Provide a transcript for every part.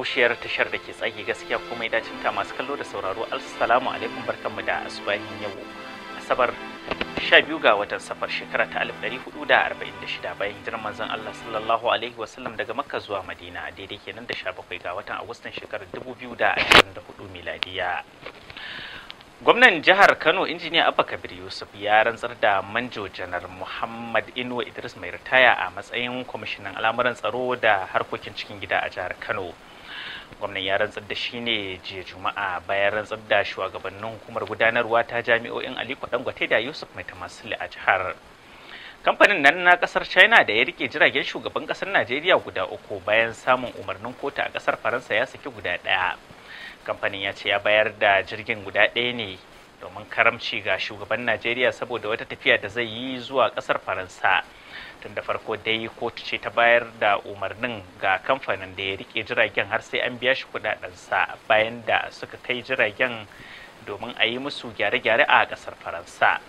Kaushiyar tashar da ke tsage gaskiya komai dacin ta masu kallo da sauraro assalamu alaikum barkanmu da asubahin yau asabar 12 ga watan safar shekara ta 1446 bayan hijirar manzon Allah sallallahu alaihi wasallam daga Makka zuwa Madina daidai kenan da 17 ga watan Agustan shekarar 2024 miladiya. gwamnan jihar kano injiniya abba kabir yusuf ya rantsar da manjo janar muhammad inuwa idris mai ritaya a matsayin kwamishinan al'amuran tsaro da harkokin cikin gida a jihar kano gwamnan ya rantsar da shi ne jiya juma'a bayan rantsar da shugabannin hukumar gudanarwa ta jami'o'in aliko dangote da yusuf mai tamasili a jihar kamfanin nan na kasar china da ya rike jiragen shugaban kasar najeriya guda uku bayan samun umarnin kotu a kasar faransa ya saki guda ɗaya. kamfanin ya ce ya bayar da jirgin guda ɗaya ne domin karamci ga shugaban najeriya saboda wata tafiya da zai yi zuwa kasar faransa tun da farko dai kotu ce ta bayar da umarnin ga kamfanin da ya rike jiragen har sai an biya shi kudadensa bayan da suka kai jiragen domin a yi musu gyare-gyare a kasar faransa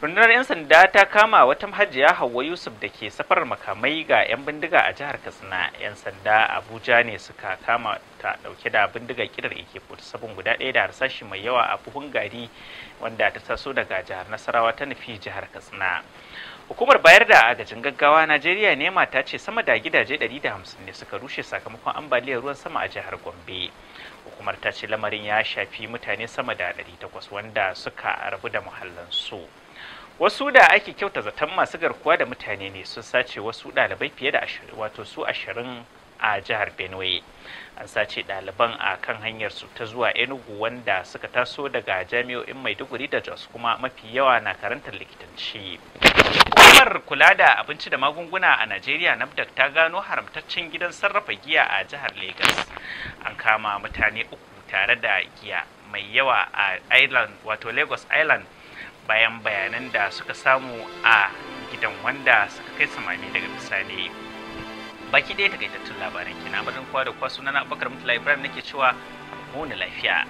rundunar 'yan sanda ta kama wata mahajiya Hauwa yusuf da ke safarar makamai ga 'yan bindiga a jihar katsina 'yan sanda abuja ne suka kama ta dauke da bindiga kirar ike sabon guda ɗaya da harsashi mai yawa a buhun gari wanda ta taso daga jihar nasarawa ta nufi jihar katsina hukumar bayar da agajin gaggawa najeriya ne ta ce sama da gidaje 150 ne suka rushe sakamakon ambaliyar ruwan sama a jihar gombe hukumar ta ce lamarin ya shafi mutane sama da 800 wanda suka rabu da muhallansu. su wasu da ake kyauta zaton masu garkuwa da mutane ne sun sace wasu ɗalibai fiye da ashirin wato su ashirin a jihar benue an sace ɗaliban a kan hanyar su ta zuwa enugu wanda suka taso daga jami'o'in maiduguri da jos kuma mafi yawa na karantar likitanci hukumar kula da abinci da magunguna a najeriya nafdak ta gano haramtaccen gidan sarrafa giya a jihar Legas. an kama mutane uku tare da giya mai yawa a island wato lagos island bayan bayanan da suka samu a gidan wanda suka kai samami daga bisani baki ɗaya takaitattun labaran kina madin kwa da kwa sunana abubakar mutu ibrahim nake cewa mu lafiya